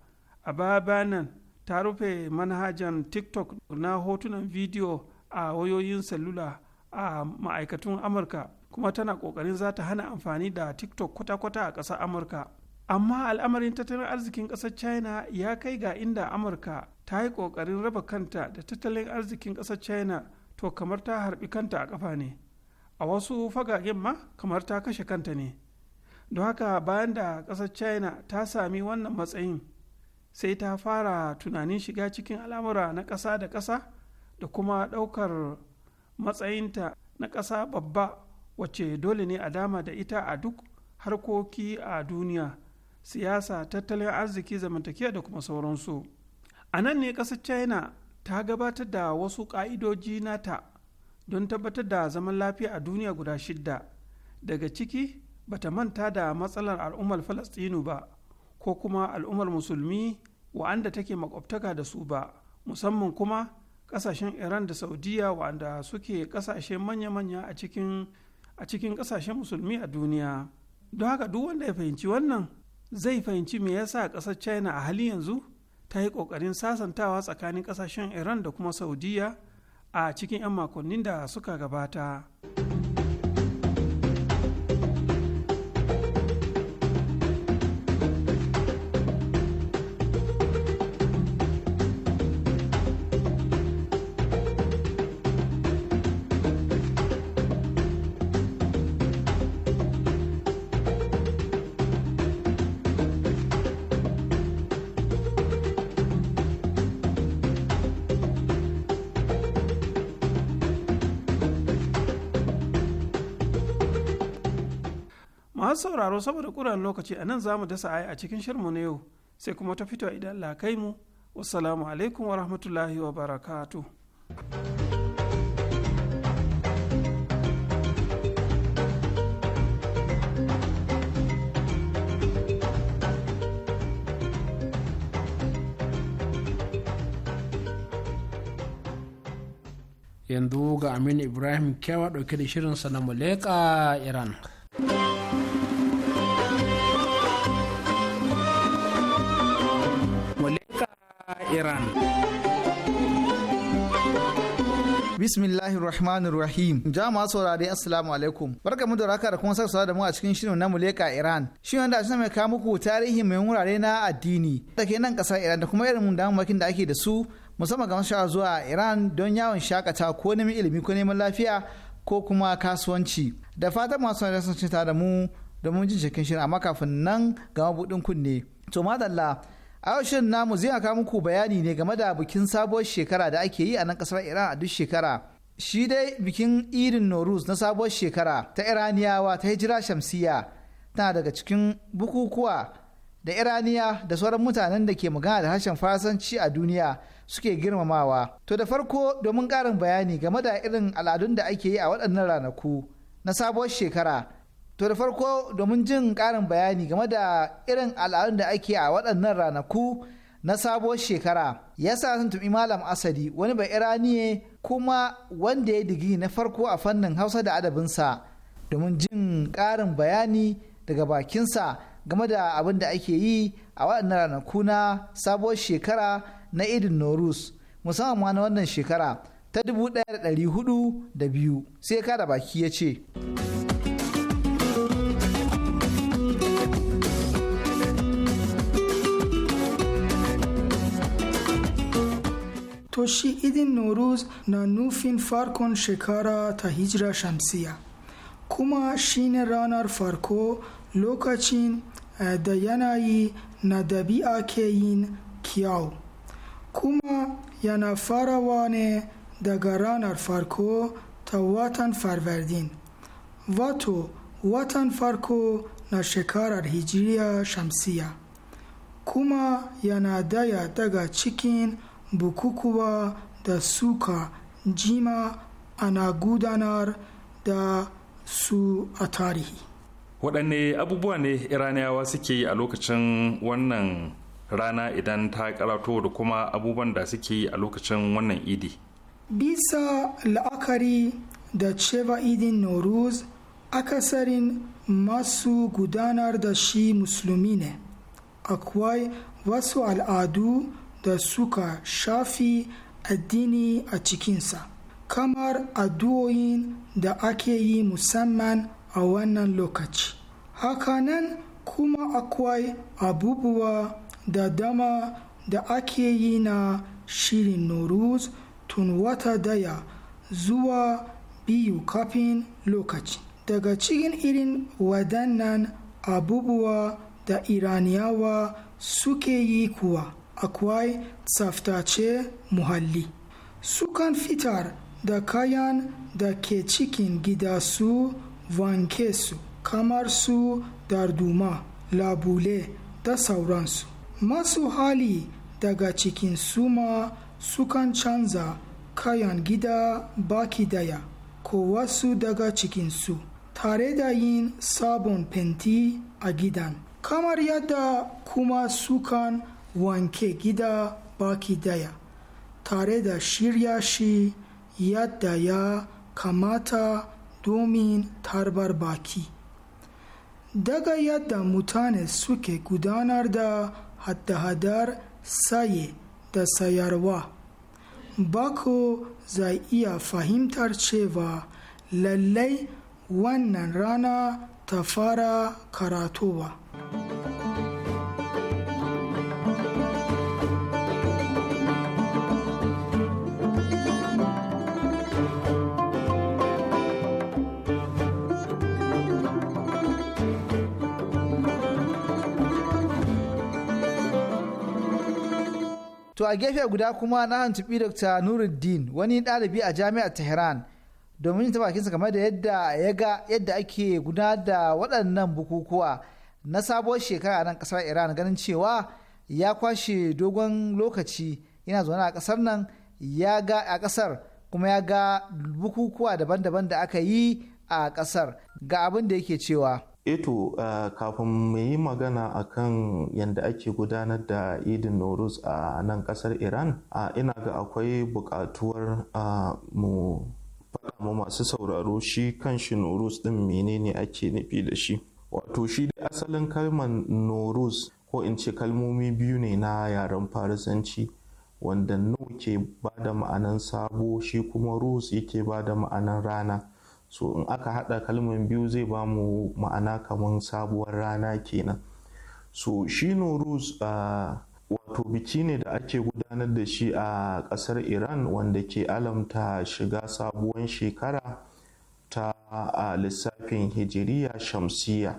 a babanan ta rufe manhajan tiktok na hotunan bidiyo a wayoyin salula a ma'aikatun amurka kuma tana kokarin za ta hana amfani da tiktok kwata-kwata a ƙasar amurka amma al'amarin tattalin arzikin ƙasar china ya kai ga inda amurka ta yi kokarin raba kanta da tattalin arzikin ƙasar china to kamar ta harbi kanta a ƙafa ne a wasu fagagen ma kamar ta kashe kanta ne don haka bayan da ƙasar china ta sami wannan matsayin sai ta fara tunanin shiga cikin al'amura na ƙasa da ƙasa da kuma ɗaukar matsayinta na ƙasa babba wacce dole ne a dama da ita a duk harkoki a duniya siyasa tattalin arziki zamantakewa da kuma sauransu a nan ne ƙasar china ta gabatar da wasu ƙa'idoji nata don tabbatar da zaman lafiya a duniya guda shidda daga ciki bata manta da matsalar al'ummar falastinu ba ko kuma al'ummar musulmi wa'anda take makwabtaka da su ba musamman kuma ƙasashen iran da saudiya wa'anda suke kasashe manya-manya a cikin a cikin ƙasashen musulmi a duniya don haka duk wanda ya fahimci wannan zai fahimci me yasa ƙasar china a halin yanzu ta yi ƙoƙarin sasantawa tsakanin ƙasashen iran da kuma saudiya a cikin 'yan makonnin da suka gabata. sauraro saboda ƙuran lokaci a nan za mu dasa aya a cikin shirmu na yau sai kuma ta fito idan Allah kai mu wassalamu alaikum wa rahmatullahi wa barakatu yanzu ga aminu ibrahim kyawa dauke da shirin na muleka iran iran Bismillahirrahmanirrahim. Jama'a saurare Assalamu alaikum. mu da raka da kuma sake da mu a cikin shirin na Muleka Iran. Shin wanda a mai kawo muku tarihi mai wurare na addini da ke nan kasar Iran da kuma irin damamakin da ake da su musamman ga mashawa zuwa Iran don yawon shakata ko neman ilimi ko neman lafiya ko kuma kasuwanci. Da fatan masu wani sun da mu domin ji cikin shirin amma kafin nan ga mabuɗin kunne. To madalla a yau namu zai aka muku bayani ne game da bikin sabuwar shekara da ake yi a nan kasar iran a duk shekara shi dai bikin irin noruz na sabuwar shekara ta iraniyawa ta hijira shamsiya tana daga cikin bukukuwa da iraniya da sauran mutanen da ke magana da harshen faransanci a duniya suke girmamawa to da farko domin ƙarin bayani game da irin al'adun da ake yi a waɗannan ranaku na sabuwar shekara To da farko domin jin ƙarin bayani game da irin al'adun da ake a waɗannan ranaku na sabuwar shekara ya sa sun tumi malam asadi wani bai iraniye kuma wanda ya digiri na farko a fannin hausa da adabinsa domin jin ƙarin bayani daga bakinsa game da abin da ake yi a waɗannan ranaku na sabuwar shekara na idin norus musamman ma na wannan shekara ta 1402 sai ka da baki ya ce. to shi idin noruz na nufin farkon shekara ta hijira shamsiya kuma shine ranar farko lokacin da yanayi na dabi'a ke yin kyau kuma yana farawa ne daga ranar farko ta watan farvardin wato watan farko na shekarar hijiriya shamsiya kuma yana daya daga cikin bukukuwa da suka jima ana gudanar da su a tarihi waɗanne abubuwa ne iraniyawa suke yi a lokacin wannan rana idan ta karato da kuma abubuwan da suke yi a lokacin wannan idi bisa la'akari da cewa idin noruz akasarin masu gudanar da shi musulmi ne akwai wasu al'adu da suka shafi addini a cikinsa kamar addu'o'in da ake yi musamman a wannan lokaci hakanan kuma akwai abubuwa da dama da ake yi na shirin noruz tun wata daya zuwa biyu kafin lokaci daga cikin irin wadannan abubuwa da iraniyawa suke yi kuwa akwai tsaftace muhalli sukan fitar da kayan da ke cikin gida su wanke su kamar su darduma labule da sauransu masu hali daga cikin suma sukan canza kayan gida baki daya ko wasu daga su. tare da yin sabon fenti a gidan kamar yadda kuma sukan wanke gida baki daya tare da shirya shi yadda ya kamata domin tarbar baki daga yadda mutane suke gudanar da hada-hadar saye da sayarwa bako zai iya fahimtar cewa lallai wannan rana ta fara karatowa. to a gefe guda kuma na hantubi dr nuruddin wani ɗalibi a jami'ar tehran domin ta bakinsa game da yadda ya ga yadda ake guda da waɗannan bukukuwa na sabuwar shekara nan ƙasar iran ganin cewa ya kwashe dogon lokaci yana zaune a ƙasar nan ya ga a ƙasar kuma ya ga bukukuwa daban-daban da aka yi a ƙasar ga abin da yake cewa eto eh kafin mu yi magana akan yadda ake gudanar da idin noruz a nan kasar iran ina ga akwai bukatuwar mu faɗa mu masu sauraro shi kan shi noruz ɗin menene ake nufi da shi wato shi dai asalin kalmar noruz ko in ce kalmomi biyu ne na yaren farisanci wanda nau ke ba da ma'anan sabo shi kuma rus yake ba da ma'anan rana so in aka hada kalmar biyu zai ba mu ma'ana kamar sabuwar rana kenan so shi noruz wato biki ne da ake gudanar da shi a kasar iran wanda ke alamta shiga sabuwar shekara ta a lissafin hijiriya shamsiya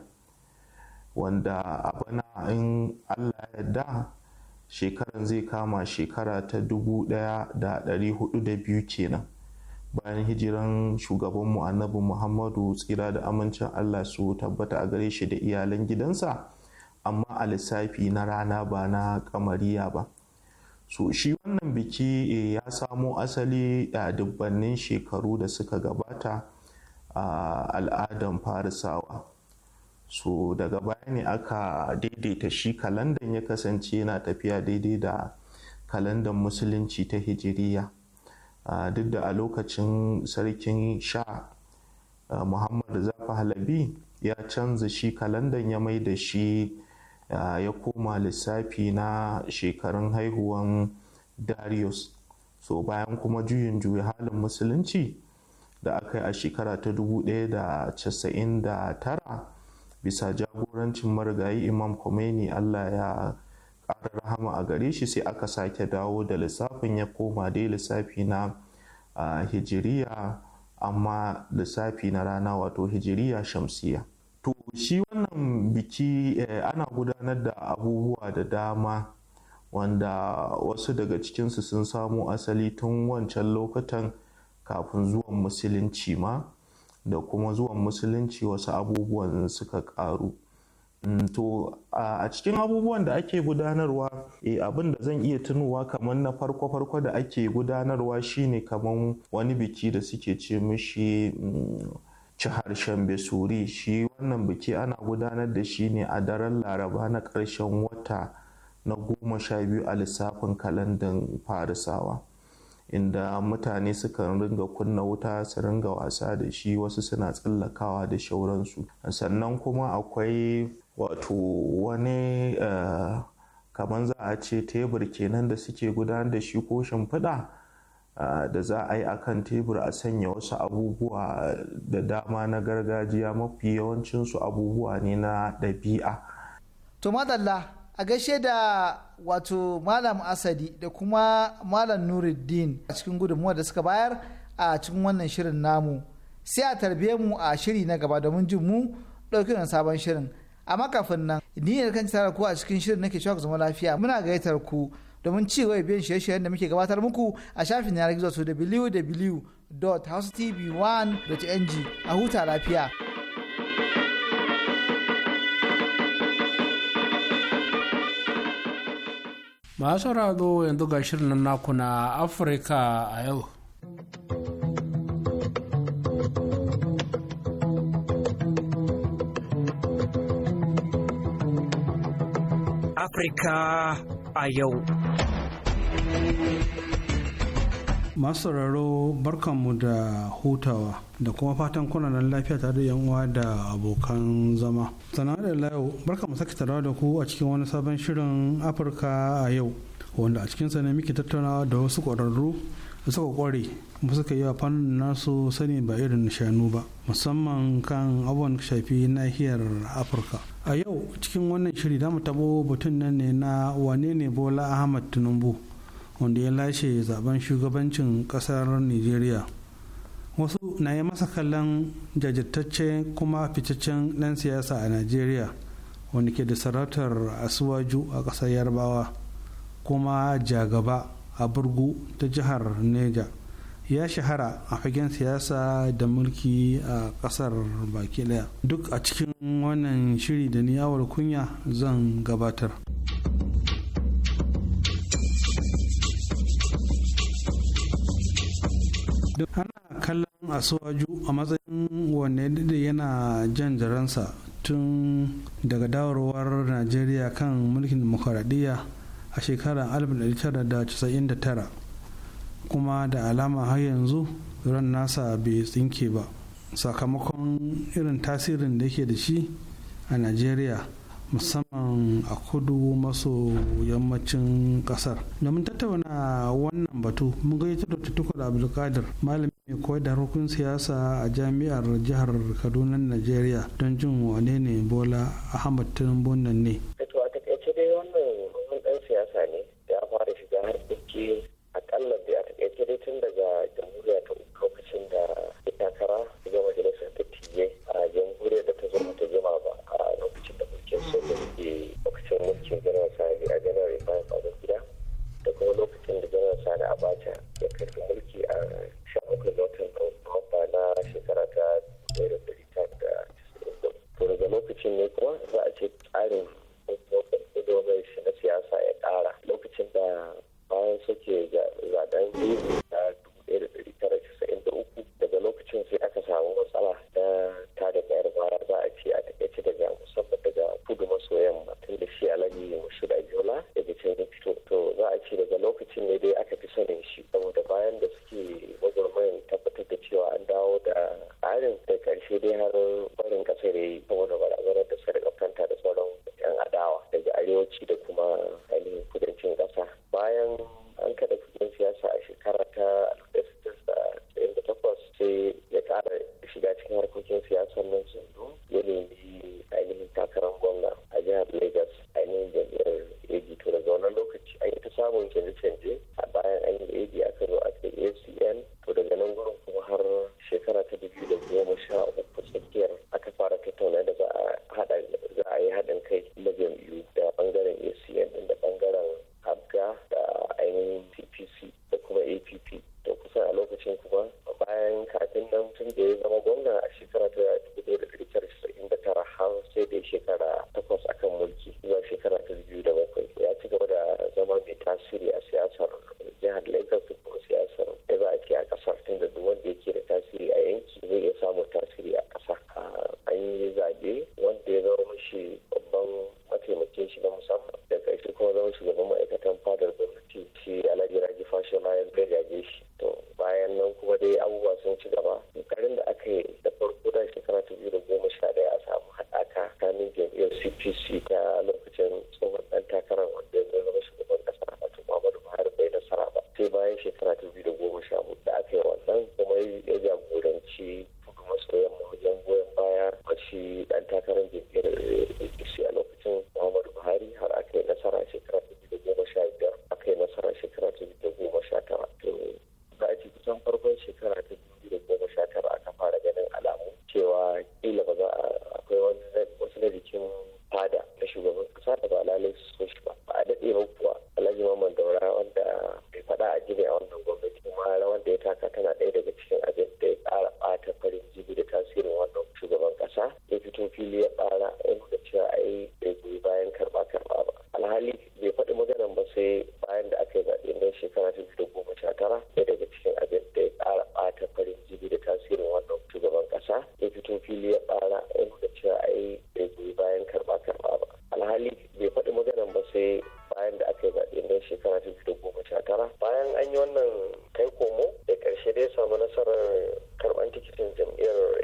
wanda a bana in allah ya yarda shekaran zai kama shekara ta 1402 kenan bayan hijiran shugaban mu annabi muhammadu tsira da amincin allah su tabbata a gare shi da iyalan gidansa amma a lissafi na rana ba na kamariya ba so shi wannan biki eh, ya samo asali a dubbannin shekaru da suka gabata a al'adan farisawa so daga baya ne aka daidaita shi kalandan ya kasance yana tafiya daidai da kalandan musulunci ta hijiriya duk da a lokacin sarkin sha muhammad zafa halabi ya canza shi kalandan ya mai da shi ya koma lissafi na shekarun haihuwan darius so bayan kuma juyin juya halin musulunci da aka yi a shekara ta 1999 bisa jagorancin marigayi imam khomeini allah ya ƙara rahama a gare shi sai aka sake dawo da lissafin ya koma dai lissafi na hijiriya amma lissafi na rana wato hijiriya shamsiya to shi wannan biki eh, ana gudanar da abubuwa da dama wanda wasu daga cikinsu sun samo asali tun wancan lokutan kafin zuwan musulunci ma da kuma zuwan musulunci wasu abubuwan suka karu. Mm, to a cikin abubuwan da ake gudanarwa e, abin da zan iya tunuwa kamar na farko-farko da ake gudanarwa shine kamar wani biki da suke ce mishi mm, ci harshen besuri shi wannan biki ana gudanar da shi ne a daren laraba na karshen wata na goma sha biyu a lissafin kalandan farisawa inda mutane sukan ringa kunna wuta su ringa wasa da shi wasu suna tsallakawa da shauransu sannan kuma akwai wato wani eh, kamar za a ce tebur kenan da suke gudanar da shi ko shimfiɗa eh, da za a yi a kan tebur a sanya wasu abubuwa da dama na gargajiya mafi yawancinsu abubuwa ne na ɗabi'a. to madalla a gaishe da wato malam asadi da kuma malam nuruddin a cikin gudunmuwa da suka bayar a cikin wannan shirin namu sai a tarbe mu a shiri na gaba domin jin mu ɗauki sabon shirin. amma kafin nan ni ne kan tara ku a cikin shirin nake cewa ku zama lafiya muna gayyatar ku domin ci gaba biyan shirye-shiryen da muke gabatar muku a shafin yanar gizo su www.housetv1.ng a huta lafiya. masu sauraro yanzu ga shirin naku na afirka a yau Afirka a yau. Masu sauraro barkanmu da hutawa da kuma fatan kunanan lafiya tare da uwa da abokan zama. Sana da layo barkanmu sake tarawa da ku a cikin wani sabon shirin Afirka a yau wanda a cikinsa ne muke tattaunawa da wasu ƙwararru da suka kware mu suka yi wa fannin nasu sani ba irin nishanu ba musamman kan abubuwan shafi nahiyar afirka a yau cikin wannan shiri za mu tabo batun nan ne na wane ne bola ahmad tinubu wanda ya lashe zaben shugabancin kasar nigeria wasu na yi masa kallon jajirtacce kuma fitaccen ɗan siyasa a nigeria wanda ke da sarautar asuwaju a ƙasar yarbawa kuma jagaba a burgu ta jihar neja ya shahara a fagen siyasa da mulki a kasar baki daya duk a cikin wannan shiri da niyawar kunya zan gabatar ana kallon asuwaju a matsayin wanne da yana jan jaransa tun daga dawarwar najeriya kan mulkin demokuraɗiyya a shekarar 1999 kuma da alama har yanzu ran nasa bai tsinke ba sakamakon irin tasirin da yake da shi a najeriya musamman a kudu maso yammacin kasar domin tattauna wannan batu mun gaito da tutukul abdulkadir malami mai koyar da harkokin siyasa a jami'ar jihar kaduna nigeria don jin wane ne bola ahmad tinubu nan ne biyu da sha uku shekara ta da goma sha tara bayan an yi wannan kai komo da ƙarshe dai samu nasarar karɓar tikitin jam'iyyar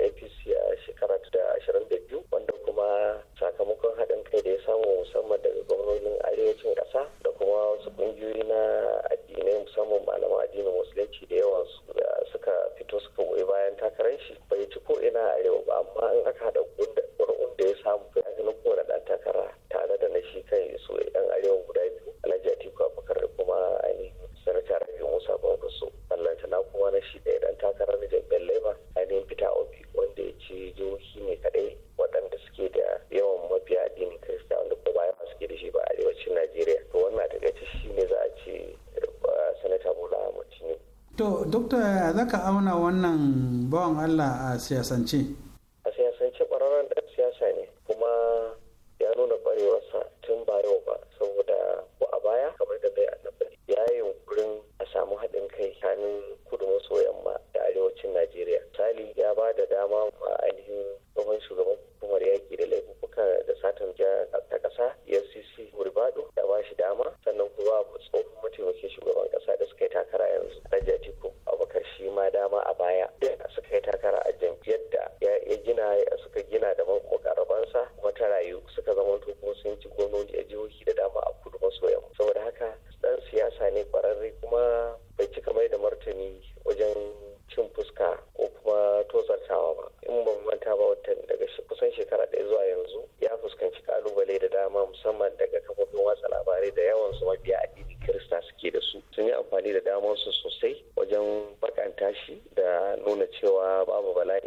wannan bawan allah a siyasance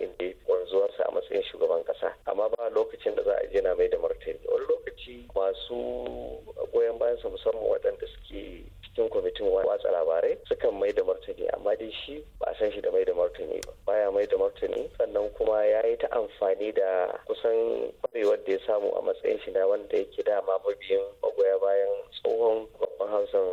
inda wanzuwarsa a matsayin shugaban kasa amma ba lokacin da za a je na mai da martani wani lokaci masu goyon bayansa musamman waɗanda suke cikin kwamitin watsa labarai sukan mai da martani amma dai shi ba a san shi da mai da martani ba baya mai da martani sannan kuma ya yi ta amfani da kusan kwarewar da ya samu a matsayin shi na wanda yake dama mabiyin magoya bayan tsohon babban hausan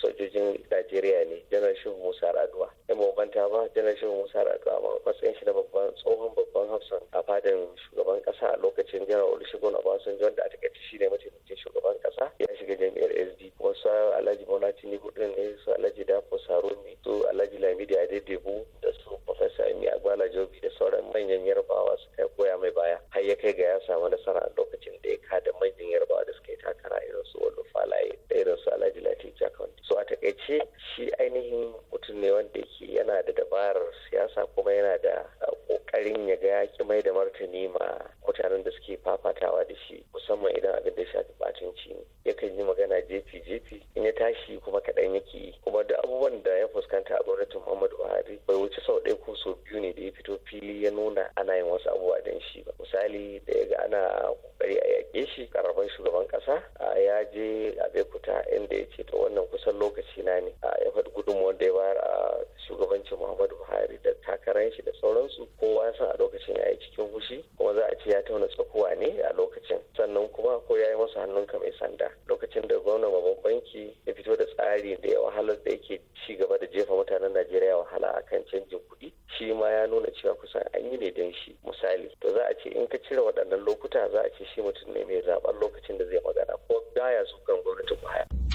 sojojin najeriya ne janar shi musa raduwa ya mabanta ba janar shehu musa raka a matsayin shi da babban tsohon babban hafsan a fadin shugaban kasa a lokacin janar olusegun obasanjo wanda a takaice shi ne mataimakin shugaban kasa ya shiga jami'ar sd wasu alhaji bola tinubu din ne su alhaji dafo sarumi su alhaji lamidi adedebu da su professor emi agbala jobi da sauran manyan yarbawa su kai koya mai baya har ya kai ga ya samu nasara a lokacin da ya kada manyan yarbawa da suka yi takara irin su wani falaye da irin su alhaji latif jakon so a takaice shi ainihin mutum ne wanda yake yana da dabarar siyasa kuma yana da kokarin uh, ya ga yaki mai da martani ma mutanen da suke fafatawa da shi musamman idan abin da shafi batunci ne yakan yi magana jefi jefi in ya tashi kuma kaɗan yake yi kuma da abubuwan da ya fuskanta a gwamnatin muhammadu buhari bai wuce sau ɗaya ko sau biyu ne da ya fito fili ya nuna ana yin wasu abubuwa don shi ba misali da ya ga ana kokari a yaƙe shi karamar shugaban ƙasa ya je a kuta inda ya ce to wannan kusan lokaci na ne ya faɗi gudunmuwar da ya bayar a shugabancin muhammadu buhari da takarar shi da sauransu kowa ya san a lokacin ya yi cikin fushi kuma za a ce ya tauna tsakuwa ne a lokacin sannan kuma ko ya yi masa ka mai sanda lokacin da gwamnan babban banki ya fito da tsari da ya wahalar da yake ci gaba da jefa mutanen najeriya wahala a kan canjin kuɗi shi ma ya nuna cewa kusan an yi ne don shi misali to za a ce in ka cire waɗannan lokuta za a ce shi mutum ne mai zaɓen lokacin da zai magana ko baya kan gwamnatin buhari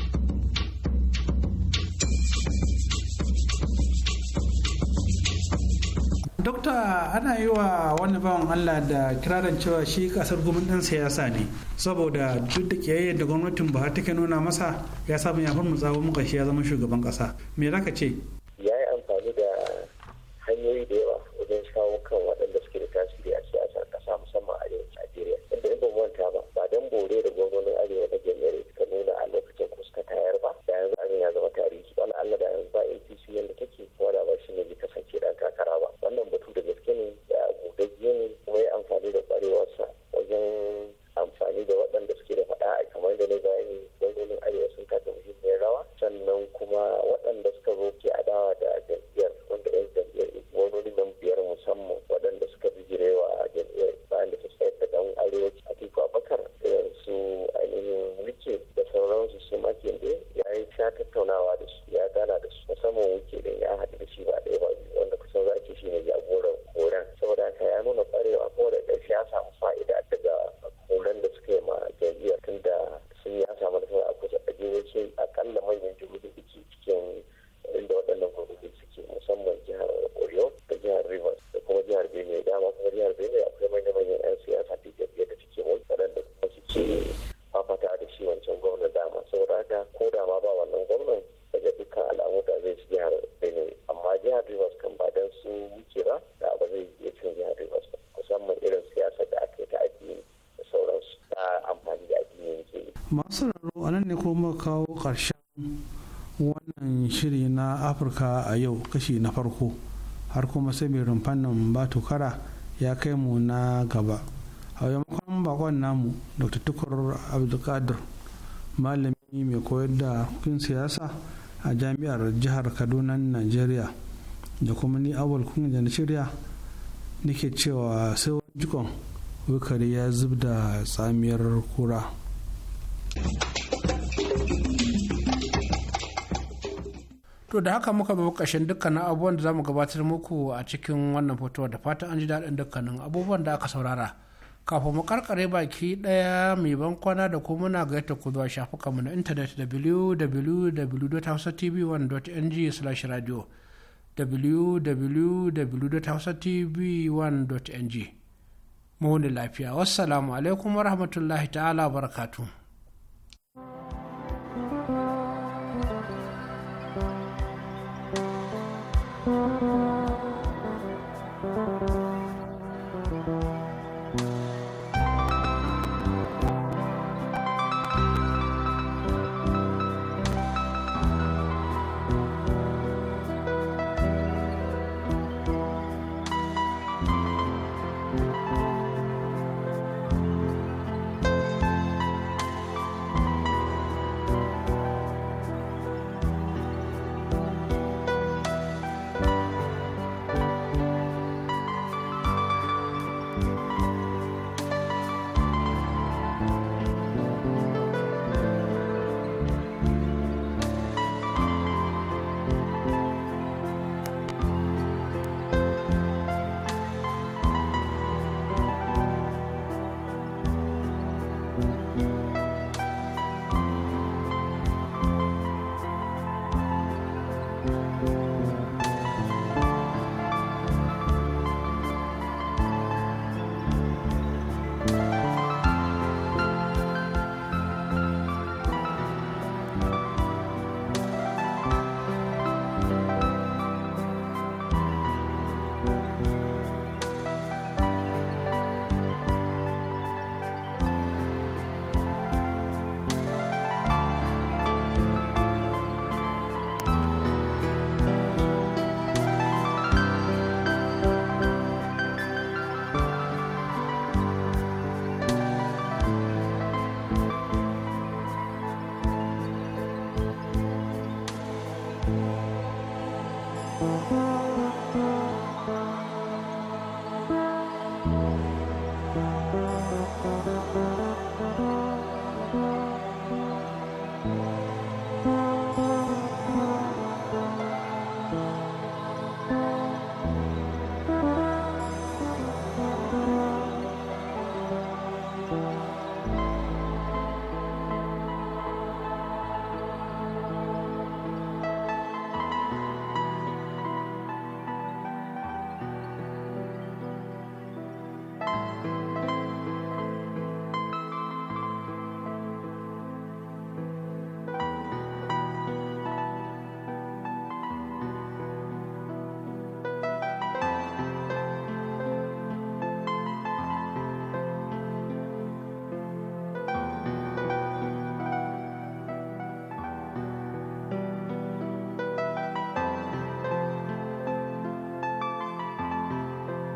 dokta ana yi wa wani bawan allah da kiraran cewa shi kasar ɗan siyasa ne saboda duk da kiyayyar da gwamnatin buhari take nuna masa ya samu ya farmu tsawon muka shi ya zama shugaban ƙasa me zaka ce afirka a yau kashi na farko har kuma sai mai rumfannin batukara ya kai mu na gaba a yamakon bakon namu dr tukur abdulkadir malami mai koyar da kun siyasa a jami'ar jihar kaduna nigeria da kuma ni awal kun da shirya nake cewa sai wani jikon wikari ya zub da tsamiyar kura. to da haka muka bi ƙarshen dukkanin abubuwan da za mu gabatar muku a cikin wannan fotowar da fata an ji daɗin dukkanin abubuwan da aka saurara kafin mu karkare baki ɗaya mai ban kwana da kuma muna yadda ku zuwa shafukanmu na intanet www.hausatv1.ng slash radio www.hausatv1.ng mu lafiya wassalamu alaikum warahmatullahi ta'ala barakatu.